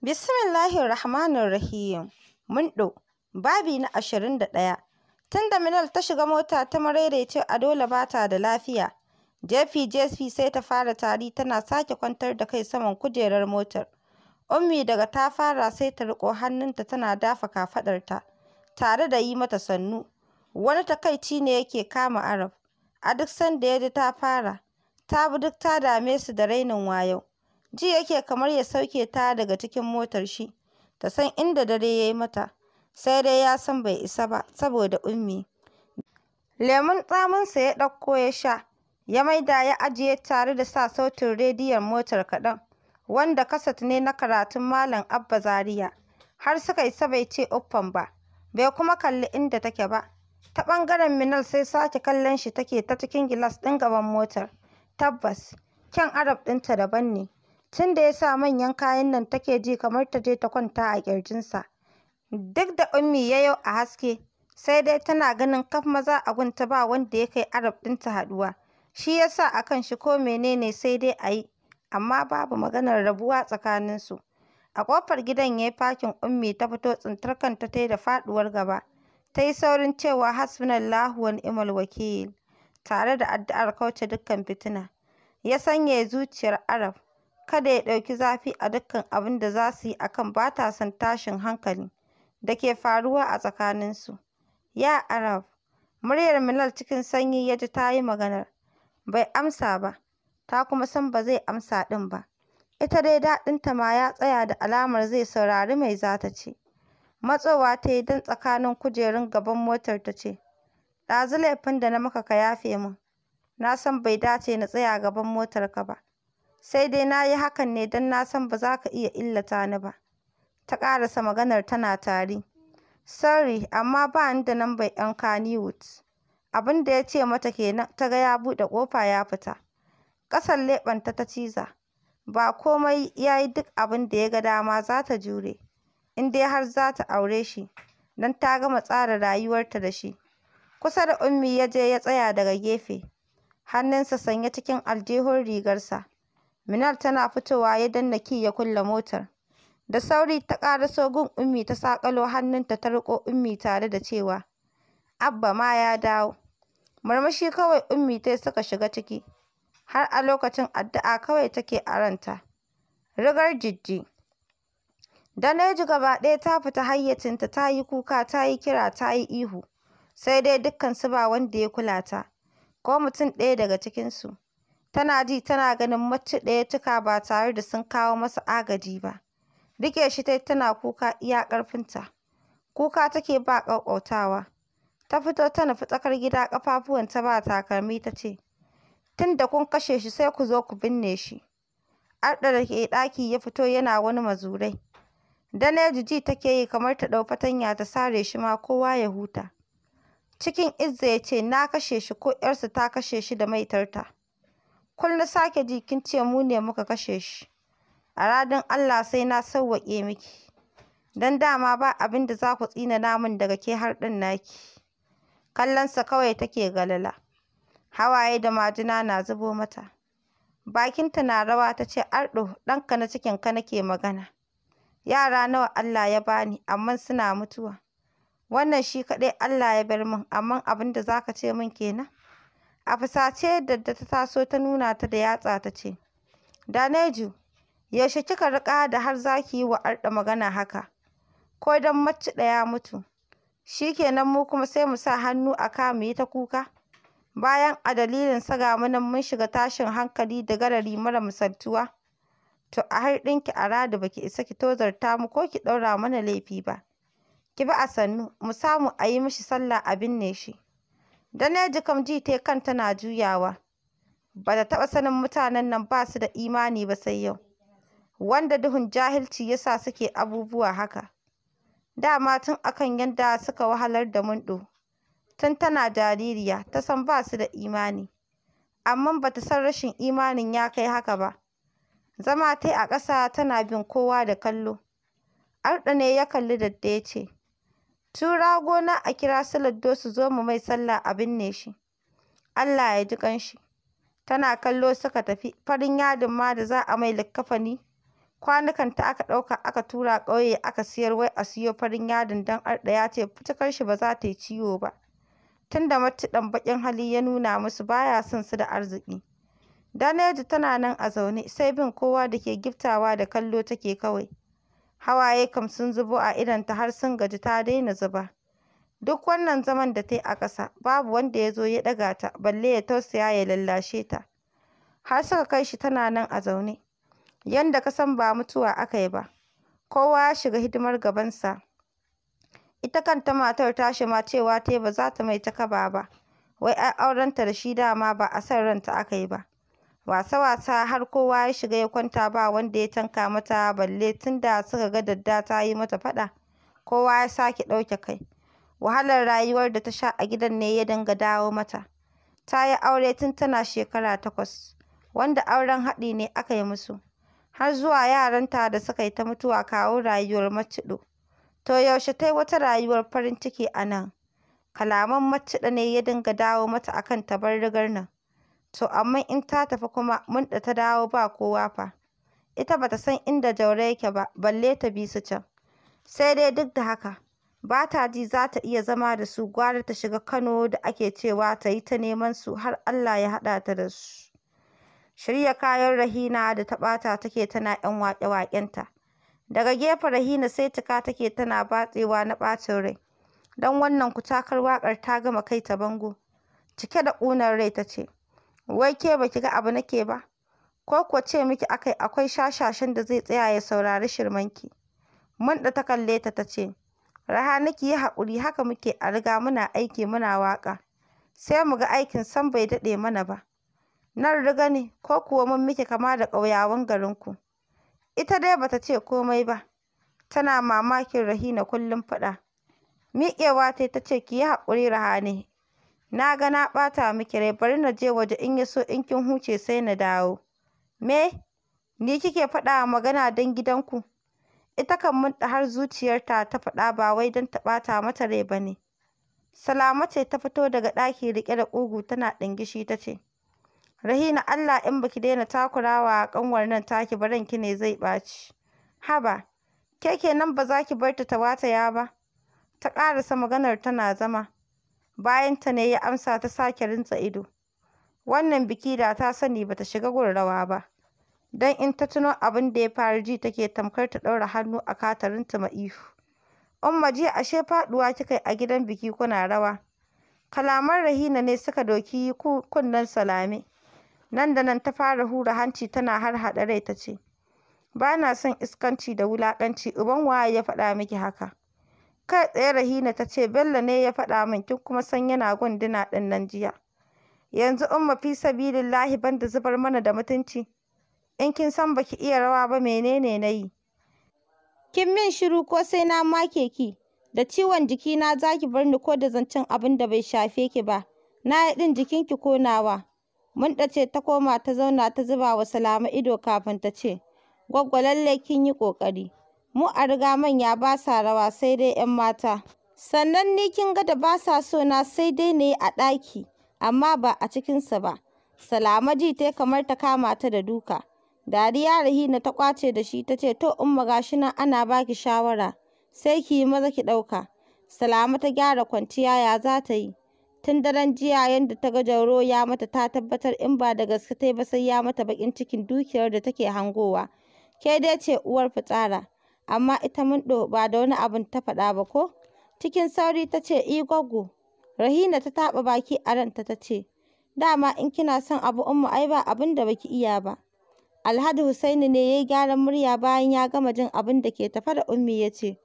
Bismillahir Rahmanir Rahim. Mundo, babi na ashirin da ɗaya. Tunda Minal ta shiga mota ta maraidaice a dole ba ta da lafiya. Jefi Jefi sai ta fara tari tana sake kwantar da kai saman kujerar motar. Ummi daga ta fara sai ta riƙo hannunta tana dafa kafaɗarta, tare da yi mata sannu. Wani takaici ne yake kama Arab. A duk sanda ya ta fara, ta bi duk ta dame su da rainin wayo. ji yake kamar ya sauke ta daga cikin motar shi ta san inda dare ya yi mata sai dai ya san bai isa ba saboda ummi lemun tsaminsa ya ɗauko ya sha ya maida ya ajiye tare da sa sautin rediyon motar kaɗan wanda kasat ne na karatun malam abba zaria har suka isa bai ce uffan ba bai kuma kalli inda take ba ta ɓangaren minal sai sake kallon shi take ta cikin gilas ɗin gaban motar tabbas kyan arab ɗinta daban ne Tun da ya sa manyan kayan nan take ji kamar ta je ta kwanta a ƙirjinsa. Duk da Ummi ya yau a haske, sai dai tana ganin kaf maza a gunta ba wanda ya kai Arab ɗinta haɗuwa. Shi ya sa a kan shi ko menene sai dai a yi, amma babu maganar rabuwa tsakaninsu. A ƙofar gidan ya yi fakin Ummi ta fito tsintar kanta ta yi da faɗuwar gaba. Ta yi saurin cewa hasbunallahu wa ni'mal wakil, tare da addu'ar kauce dukkan fitina. Ya sanyaya zuciyar Arab. kada ya ɗauki zafi a dukkan abin da za su yi akan ba ta son tashin hankali da ke faruwa a tsakaninsu. Ya Arab, muryar Milal cikin sanyi ya ji ta yi maganar, bai amsa ba, ta kuma san ba zai amsa ɗin ba. Ita dai daɗinta ma ya tsaya da alamar zai saurari mai za ta ce. Matsowa ta yi don tsakanin kujerun gaban motar ta ce, ɗazu laifin da na maka ka yafe min, na san bai dace na tsaya gaban motarka ba. sai dai na yi hakan ne don na san ba za ka iya illata ni ba. Ta ƙarasa maganar tana tari. Sorry, amma ba ni da lambar 'yan Kannywood. Abin da ya ce mata kenan ta ga ya buɗe kofa ya fita. Ƙasar leɓen ta ciza. Ba komai ya yi duk abin da ya ga dama za ta jure, in dai har za ta aure shi, Dan ta gama tsara rayuwarta da shi. Kusa da Ummi ya je ya tsaya daga gefe, hannunsa sanye cikin aljihun rigarsa. Minal tana fitowa ya danna ki ya kulle motar. Da sauri ta ƙara sogun Ummi ta saƙalo hannunta ta riƙo Ummi tare da cewa, Abba ma ya dawo. marmashi kawai Ummi ta suka shiga ciki, har a lokacin addu'a kawai take a ranta. Rigar jijji. ji gaba ɗaya ta fita hayyacinta ta yi kuka ta yi kira ta yi ihu, sai dai dukkansu ba wanda ya kula ta, ko mutum ɗaya daga cikinsu. tana ji tana ganin macce ɗaya cika ba tare da sun kawo masa agaji ba rike shi tai tana kuka iya ƙarfinta kuka take ba ƙauƙautawa. ta fito ta nufi tsakar gida ƙafafuwanta ba takalmi ta ce tunda kun kashe shi sai ku zo ku binne shi Arɗa da ke ɗaki ya fito yana wani mazurai dane ji take yi kamar ta ɗau fatanya ta sare shi ma kowa ya huta cikin Izza ya ce na kashe shi ko 'yarsa ta kashe shi da maitarta kul na sake ji kin ce mu ne muka kashe shi a radin Allah sai na sauwaƙe miki don dama ba abin da za ku tsina namun daga ke har ɗin naki kallonsa kawai take galala hawaye da majina na zubo mata bakinta na rawa ta ce arɗo ɗanka na cikin ka nake magana yara nawa Allah ya bani amma suna mutuwa wannan shi kaɗai Allah ya bar min amma abin da za ka ce min kenan a fusace da ta taso ta nuna ta da yatsa ta ce daneju yaushe kika riƙa da har za ki yi wa arɗa magana haka ko don mace ɗaya mutu shi kenan mu kuma sai mu sa hannu a ka mu yi ta kuka bayan a dalilin saga mu nan mun shiga tashin hankali da garari mara misaltuwa to a har ɗinki a radu baki isa ki tozarta mu ko ki ɗaura mana laifi ba ki bi a sannu mu samu a yi mishi sallah a binne shi Daneji kam ji yi kanta na juyawa. Ba ta taɓa sanin mutanen nan ba su da imani ba sai yau. Wanda duhun jahilci ya sa suke abubuwa haka. Dama tun akan yadda suka wahalar da Mundo. Tun tana jaririya ta san ba su da imani. Amma ba ta san rashin imanin ya kai haka ba. Zama tai a ƙasa tana bin kowa da kallo. Arɗa ne ya kalli da ya ce, tura gona a kira su Laddo su zo mu mai sallah a binne shi, Allah ya ji ƙanshi. Tana kallo suka tafi, farin yadin ma da za a mai likkafani ta aka ɗauka aka tura ƙauye aka siyar wai a siyo farin yadin don arɗaya ce fitakar shi ba za ta yi ciwo ba. Tunda matuɗan baƙin hali ya nuna musu baya son su da arziki. Daneji tana nan a zaune sai bin kowa da ke giftawa da kallo take kawai. hawaye kam sun zubo a idanta har sun gaji ta daina zuba duk wannan zaman da ta yi a ƙasa babu wanda ya zo ya ɗaga ta balle ya tausaya ya lallashe ta har suka kai shi tana nan a zaune yanda ka san ba mutuwa aka yi ba kowa ya shiga hidimar gabansa ita kanta matar tashi ma cewa ta ba za ta mai takaba ba wai ai aurenta da shi dama ba a san ranta aka yi ba wasa-wasa har kowa ya shiga ya kwanta ba wanda ya tanka mata balle tun da suka ga Dadda ta yi mata faɗa kowa ya sake ɗauke kai wahalar rayuwar da ta sha a gidan ne ya dinga dawo mata ta yi aure tun tana shekara takwas wanda auren haɗi ne aka yi musu har zuwa yaranta da suka yi ta mutuwa kawo rayuwar maciɗo to yaushe ta yi wata rayuwar farin ciki a nan kalaman maciɗa ne ya dinga dawo mata akan tabarrugar nan To amma in ta tafi kuma mun da ta dawo ba kowa fa, ita bata san inda jaure yake ba, balle ta bi su can. Sai dai duk da haka, ba ta ji za ta iya zama da su gwara ta shiga Kano da ake cewa ta yi ta neman su har Allah ya haɗa ta da su. Shirya kayan Rahina da ta ɓata take tana 'yan waƙe-waƙenta. Daga gefen Rahina sai cika take tana batsewa na ɓacin rai. Don wannan kutakar wakar ta gama kai ta bango. Cike da ƙunar rai ta ce, wai ke baki ga abu nake ba ko kuwa ce miki akai akwai shashashin da zai tsaya ya saurari shirmanki da ta kalle ta ta ce Rahana ki yi hakuri haka muke a riga muna aiki muna waƙa sai mu ga aikin san bai daɗe mana ba nan riga ne ko kuwa mun miki kama da ƙauyawan ku. ita dai bata ce komai ba tana mamakin Rahina kullum faɗa miƙewa ta ta ce ki yi haƙuri Rahane Na ga na ɓata miki rai, bari na je waje in ya so in kin huce sai na dawo. Me? Ni kike faɗa magana don gidanku? Ita kan mun har zuciyarta ta faɗa ba wai don ta ɓata mata rai ba ne. Salama ce ta fito daga ɗaki riƙe da ƙugu tana ɗingishi ta ce, Rahina Allah in baki daina takurawa ƙanwar nan taki ba ranki ne zai ɓaci. Haba, ke kenan ba za ki bar ta ta ya ba? Ta ƙarasa maganar tana zama. Bayan ta ne ya amsa ta sake rintsa ido. Wannan biki da ta sani bata shiga gurrawa ba. dan in ta tuno abin da ya faru ji take tamkar ta ɗaura hannu a ta mai ihu. Umma jiya ashe faduwa kika a gidan biki kuna rawa. Kalaman Rahina ne suka doki kunnen Salame. Nan da nan ta fara hura hanci tana harhaɗa rai ta ce, Ba son iskanci da wulaƙanci, uban waye ya faɗa miki haka? Kai tsaye Rahina ta ce, Bello ne ya faɗa min, kin kuma san yana gunduna ɗin nan jiya. Yanzu Umma fi sabilillahi ban da zubar mana da mutunci. In kin san baki iya rawa ba menene na yi? Kin min shiru ko sai na make ki, da ciwon jiki na zaki bar ni ko da zancen abin da bai shafe ki ba. Na yi ɗin jikin ko nawa? Mun ɗace ta koma ta zauna ta zuba wa Salama ido kafin ta ce, gwaggwalalle lallai kin yi ƙoƙari. mu a riga manya ba sa rawa sai dai 'yan mata. Sannan ni kin ga da ba sa so na sai dai na a ɗaki amma ba a cikinsa ba. Salama ji ta kamar ta kama ta da duka. Dariya Rahina ta kwace da shi ta ce to umma gashi nan ana baki shawara sai ki yi maza ki ɗauka. Salama ta gyara kwanciya ya za ta yi. Tun daren jiya yadda ta ga Jauro ya mata ta tabbatar in ba da gaske ta ba sai ya mata bakin cikin dukiyar da take hangowa. Ke dai ce uwar fitsara. amma ita mun ɗo ba da wani abun ta faɗa ba ko cikin sauri ta ce i gwaggo rahina ta taɓa baki a ranta ta ce dama in kina son abu ummu ai ba abin da baki iya ba alhaji husaini ne ya yi gyaran murya bayan ya gama jin abin da ke tafa da ummi ya ce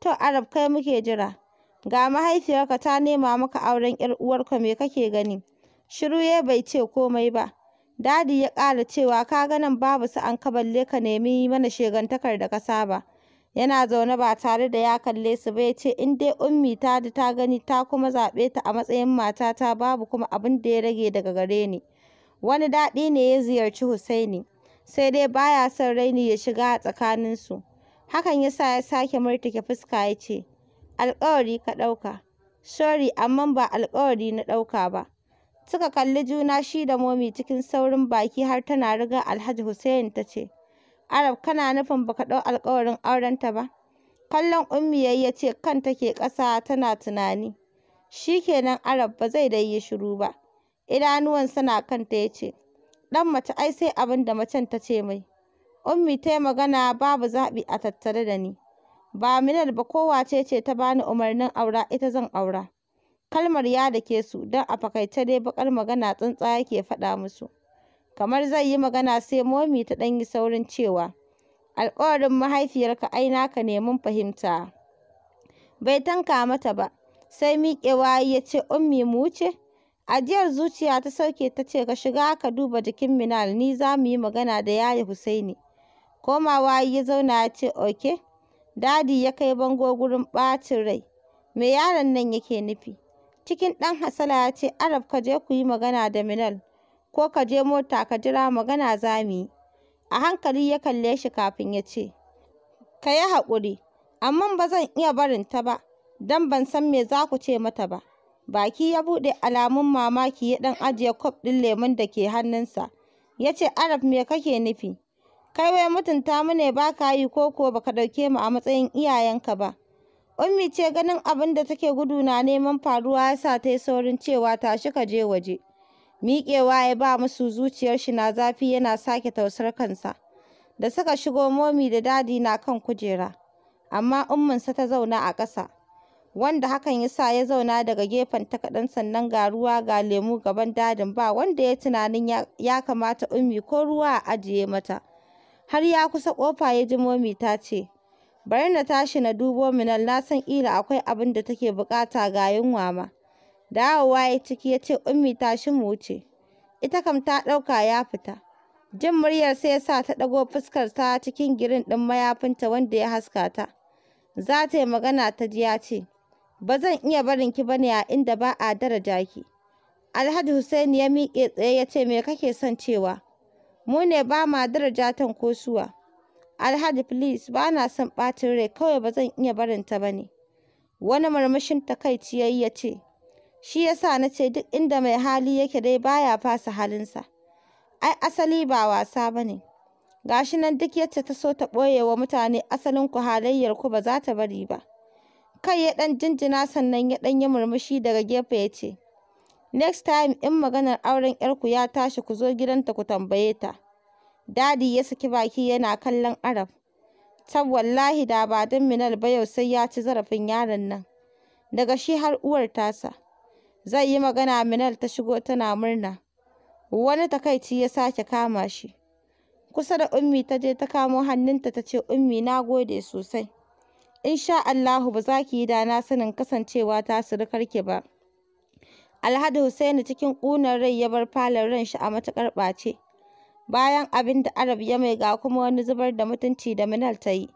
to arab kai muke jira ga mahaifiyarka ta nema maka auren yar uwarka me kake gani shiru ya bai ce komai ba dadi ya ƙara cewa ka ga nan babu sa'an an balle ka nemi mana shegantakar da ka saba yana zaune ba tare da ya kalle su ba ya ce in dai ummi ta da ta gani ta kuma zaɓe ta a matsayin matata babu kuma abin da ya rage daga gare ni wani daɗi ne ya ziyarci Husaini sai dai baya son raini ya shiga a tsakaninsu hakan ya sa ya sake murtuke fuska ya ce alƙawari ka ɗauka sorry amma ba alƙawari na ɗauka ba suka kalli juna shi da momi cikin saurin baki har tana riga alhaji Hussein ta ce Arab kana nufin baka ɗau alƙawarin auren ta ba? Kallon Ummi yayi ya ce kanta ƙasa tana tunani. Shi kenan Arab ba zai dai yi shiru ba. Idanuwansa na kanta ya ce, ɗan mace ai sai abin da macen ta ce mai. Ummi ta magana babu zabi a tattare da ni. Ba Minal ba kowace ce ta bani umarnin aura ita zan aura. Kalmar ya dake su dan a fakaice dai baƙar magana tsuntsa yake faɗa musu. kamar zai yi magana sai momi ta ɗan yi saurin cewa alƙawarin mahaifiyarka ai naka ne mun fahimta bai tanka mata ba sai miƙewa ya ce ummi mu wuce ajiyar zuciya ta sauke ta ce ka shiga ka duba jikin minal ni za mu yi magana da yaya husaini komawa ya zauna ya ce oke dadi ya kai bango gurin ɓacin rai me yaron nan yake nufi cikin ɗan hasala ya ce arab ka je ku yi magana da minal ko ka je mota ka jira magana za mu yi. A hankali ya kalle shi kafin ya ce, Ka yi haƙuri, amma ba zan iya barin ta ba, dan ban san me za ku ce mata ba. Baki ya buɗe alamun mamaki ya ɗan ajiye kwaf ɗin lemun da ke hannunsa. Ya ce, Arab me kake nufi? Kai wai mutunta mu ne ba ka yi koko ba ka ɗauke mu a matsayin iyayenka ba. Ummi ce ganin abin da take gudu na neman faruwa ya sa ta yi saurin cewa tashi ka je waje. Miƙewa ya ba musu zuciyar shi na zafi yana sake tausar kansa. Da suka shigo momi da dadi na kan kujera. Amma umminsa ta zauna a ƙasa. Wanda hakan ya sa ya zauna daga gefen ta sannan ga ruwa ga lemu gaban dadin ba wanda ya tunanin ya kamata ummi ko ruwa a ajiye mata. Har ya kusa ƙofa ya ji momi ta ce, bari na tashi na dubo minal na san ila akwai abin da take buƙata ga yunwa ma. Dawowa ya ciki ya ce Ummi tashi mu wuce. Ita kam ta ɗauka ya fita. Jin muryar sai ya sa ta ɗago fuskarta cikin girin ɗin mayafinta wanda ya haska ta. Za ta yi magana ta ji ya ce, Ba zan iya barin ki bane a inda ba a daraja ki. Alhaji Hussein ya miƙe tsaye ya ce me kake son cewa? Mu ne ba ma daraja tan ko suwa. Alhaji please ba na son ɓacin rai kawai ba zan iya barin ta ne. Wani murmushin takaici yi ya ce, Shi yasa na ce duk inda mai hali yake dai baya fasa halinsa. Ai asali ba wasa ba ne. shi nan duk yadda ta so ta ɓoye wa mutane asalin ku halayyar ku ba za ta bari ba. Kai ya ɗan jinjina sannan ya ɗan yi murmushi daga gefe ya ce, Next time in maganar auren ‘yarku ya tashi ku zo gidanta ku tambaye ta. Dadi ya saki baki yana kallon Arab. Tab wallahi da ba don Minal ba yau sai ya ci zarafin yaron nan. Daga shi har uwar tasa. zai yi magana Minal ta shigo tana murna. Wani takaici ya sake kama shi. Kusa da Ummi ta je ta kamo hannunta ta ce Ummi na gode sosai. sha Allahu ba za ki yi dana sanin kasancewa ta surukar ki ba. alhadu Hussaini cikin ƙunar rai ya bar falon ran shi a matuƙar ɓace. Bayan abin da Arab ya mai ga kuma wani zubar da mutunci da Minal ta yi.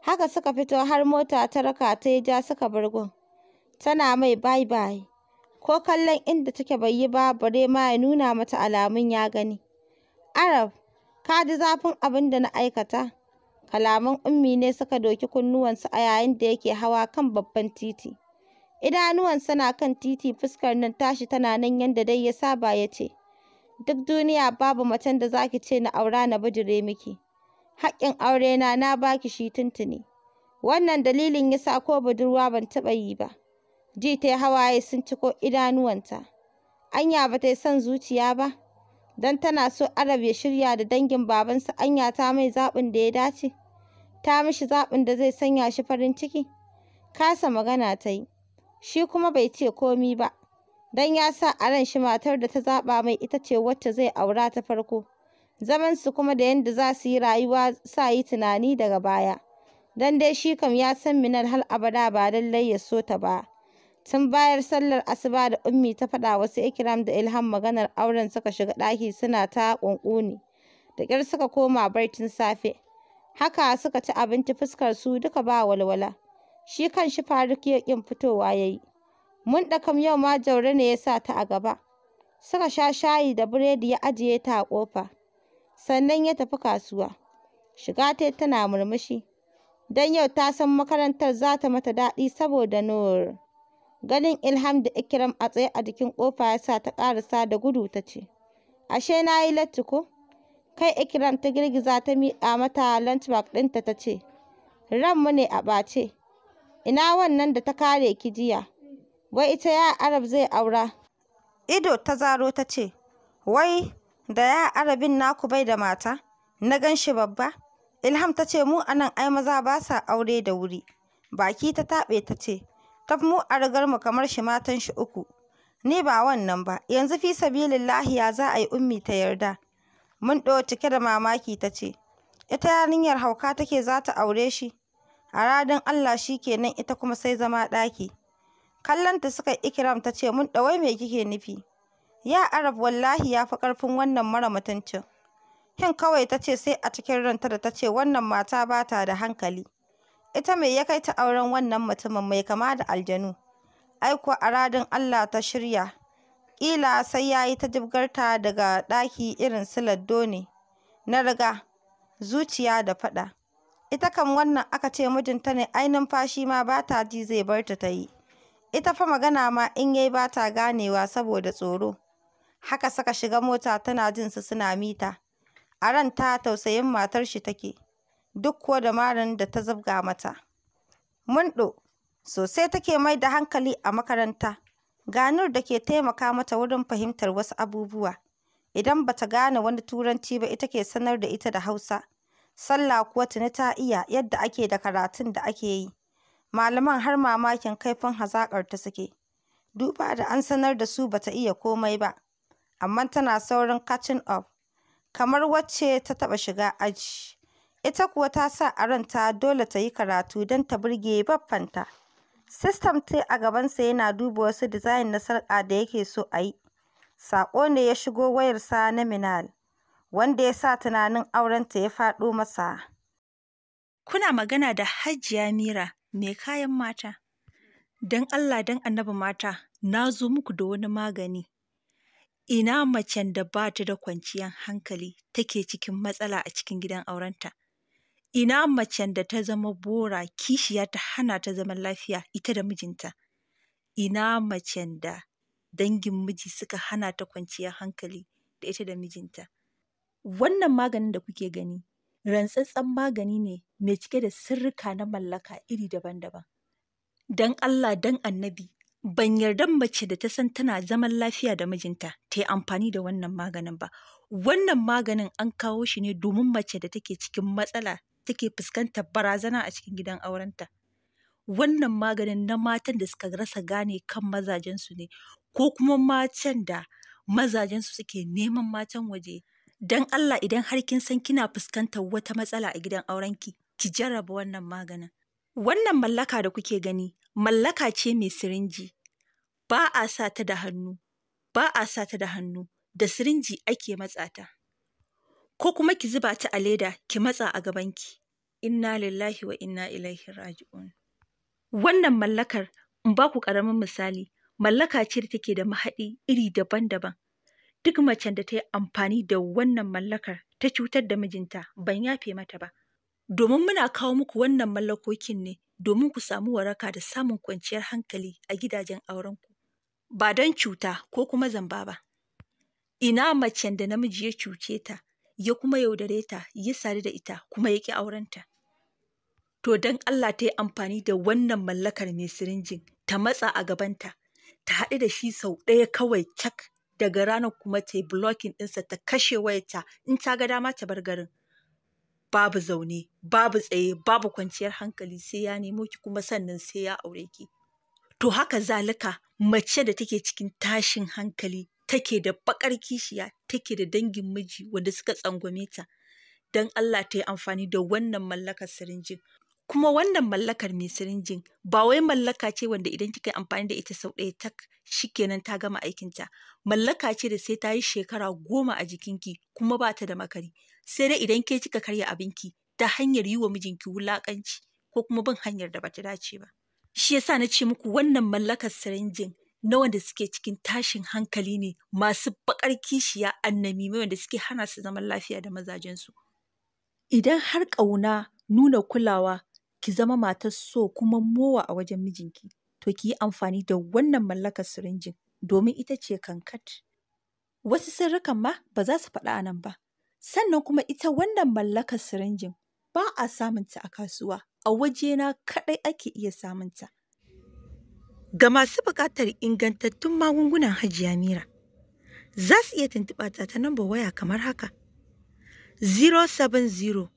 Haka suka fito har mota ta raka ta ya ja suka bar Tana mai bye bye. ko kallon inda take bai yi ba bare ma ya nuna mata alamun ya gani. Arab, ka ji zafin abin da na aikata? Kalaman ummi ne suka doki kunnuwansa a yayin da yake hawa kan babban titi. Idanuwansa na kan titi fuskar nan tashi tana nan yadda dai ya saba ya ce, Duk duniya babu macen da za ki ce na aura na bijire miki. Haƙƙin aurena na baki shi tuntuni. Wannan dalilin ya sa ko budurwa ban taɓa yi ba. ji ta hawaye sun ciko idanuwanta anya ba ta yi son zuciya ba don tana so arab ya shirya da dangin babansa anya ta mai zaɓin da ya dace ta mishi zaɓin da zai sanya shi farin ciki kasa magana ta yi shi kuma bai ce komi ba don ya sa a ran shi matar da ta zaɓa mai ita ce wacce zai aura ta farko Zaman su kuma da yadda za su yi rayuwa sa yi tunani daga baya don dai shi kam ya san minar har abada ba lallai ya so ta ba Sun bayar sallar asuba da ummi ta faɗa wasu ikiram da Ilham maganar auren suka shiga ɗaki suna ta ƙunƙuni. Da ƙyar suka koma barcin safe. Haka suka ci abinci fuskar su duka ba walwala. Shi kan shi Faruk ya ƙin fitowa ya yi. Mun ɗakam yau ma Jauro ne ya sa ta a gaba. Suka sha shayi da biredi ya ajiye ta a ƙofa. Sannan ya tafi kasuwa. Shiga ta tana murmushi. Don yau ta san makarantar za ta mata daɗi saboda Nur. Ganin Ilham da Ikiram a tsaye a jikin ƙofa ya sa ta ƙarasa da gudu ta ce, Ashe na yi latti ko? Kai Ikiram ta girgiza ta miƙa mata lunchbag ɗinta ta ce, Ranmu ne a ɓace, ina wannan da ta kare ki jiya? Wai ita ya Arab zai aura? Ido ta zaro ta ce, Wai, da ya Arabin naku bai da mata, na gan shi babba? Ilham ta ce mu anan ai maza ba sa aure da wuri. Baki ta taɓe ta ce, tafmu mu a rigar mu kamar shi matan shi uku ni ba wannan ba yanzu fi sabilillahi ya za a yi ummi ta yarda mun ɗo cike da mamaki ta ce ita yarinyar hauka take za ta aure shi a radin Allah shi kenan ita kuma sai zama ɗaki kallonta suka ikiram ta ce mun ɗawai me kike nufi ya arab wallahi ya fi ƙarfin wannan mara mutuncin hin kawai ta ce sai a cikin ranta da ta ce wannan mata ba ta da hankali ita me ya kai ta auren wannan mutumin mai kama da aljanu Aiko kuwa a radin Allah ta shirya ƙila sai ya yi ta jibgarta daga ɗaki irin su ne na riga zuciya da faɗa ita kan wannan aka ce mijinta ne ai numfashi ma ba ta ji zai bar ta ta yi ita fa magana ma in yai ba ta ganewa saboda tsoro haka saka shiga mota tana jin su suna mita a ran ta tausayin matar shi take duk kuwa da malamin da ta zabga mata. Munɗo sosai take mai da hankali a makaranta, ganur da ke taimaka mata wurin fahimtar wasu abubuwa. Idan bata gane wani turanci ba ita ke sanar da ita da Hausa. Sallah kuwa tuni ta iya yadda ake da karatun da ake yi. Malaman har mamakin kaifin hazakar ta suke. Duba da an sanar da su bata iya komai ba, amma tana saurin catching up, kamar wacce ta taɓa shiga aji. Ita kuwa ta sa a ranta dole ta yi karatu don ta burge baffanta. System ta a gabansa yana duba wasu dizayin na sarƙa da yake so a yi. Saƙo ne ya shigo wayarsa na Minal, wanda ya sa tunanin aurenta ya faɗo masa. Kuna magana da Hajiya Mira, mai kayan mata. Don Allah don annabi mata, na zo muku da wani magani. Ina macen da ba ta da kwanciyar hankali take cikin matsala a cikin gidan aurenta. Ina macen da ta zama bora kishiya ta hana ta zaman lafiya ita da mijinta? Ina macen da dangin miji suka hana ta kwanciya hankali da ita da mijinta? Wannan maganin da kuke gani, rantsatsen magani ne mai cike da sirrika na mallaka iri daban-daban. Don Allah, don annabi, ban yarda mace da ta san tana zaman lafiya da mijinta ta yi amfani da wannan maganin ba. Wannan maganin an kawo shi ne domin mace da take cikin matsala take fuskantar barazana a cikin gidan aurenta. Wannan maganin na matan da suka rasa gane kan mazajensu ne, ko kuma matan da mazajensu suke neman matan waje. Don Allah idan har kin san kina fuskantar wata matsala a gidan aurenki, ki jarraba wannan maganin. Wannan mallaka da kuke gani, mallaka ce mai sirinji. Ba a sa ta da hannu, ba a sa da hannu, da sirinji ake matsata. ko kuma ki zuba ta a leda ki matsa a gabanki inna lillahi wa inna ilaihi raji'un wannan mallakar in ba ku ƙaramin misali mallaka ce da take da mahadi iri daban-daban duk macen da ta yi amfani da wannan mallakar ta cutar da mijinta ban yafe mata ba domin muna kawo muku wannan mallakokin ne domin ku samu waraka da samun kwanciyar hankali a gidajen aurenku ba don cuta ko kuma zamba ba ina macen da namiji ya cuce ta ya kuma yaudare ta ya sadu da ita kuma ya ƙi aurenta to don Allah ta yi amfani da wannan mallakar mai sirinjin ta matsa a gabanta ta haɗu da shi sau ɗaya kawai cak daga ranar kuma ta yi blocking ɗinsa ta kashe wayarta in ta ga dama ta bar garin babu zaune babu tsaye babu kwanciyar hankali sai ya nemo ki kuma sannan sai ya aure ki to haka zalika mace da take cikin tashin hankali take da bakar kishiya take da dangin miji wanda suka tsangwame ta don Allah ta yi amfani da wannan mallakar sirinjin kuma wannan mallakar mai sirinjin ba wai mallaka ce wanda idan kika yi amfani da ita sau ɗaya tak shikenan ta gama aikinta mallaka ce da sai ta yi shekara goma a jikinki kuma ba ta da makari sai dai idan ke kika karya abinki ta hanyar yi wa mijinki wulaƙanci ko kuma bin hanyar da bata dace ba shi yasa na ce muku wannan mallakar sirinjin na wanda suke cikin tashin hankali ne masu bakar kishiya annami mai wanda suke hana su zaman lafiya da mazajensu. Idan har ƙauna nuna kulawa ki zama matar so kuma mowa a wajen mijinki, to ki yi amfani da wannan mallakar sirinjin domin ita ce kankat. Wasu sirrikan ma ba za su faɗa a nan ba. Sannan kuma ita wannan mallakar sirinjin ba a samunta a kasuwa, a wajena kaɗai ake iya samunta. Ga masu buƙatar ingantattun magungunan Hajiya Mira, za su iya tuntuɓa ta ta nan waya kamar haka: 070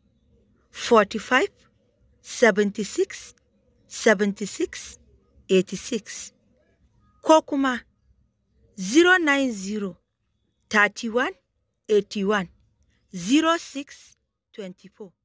45 76 76 86 ko kuma 090 31 81 06 24.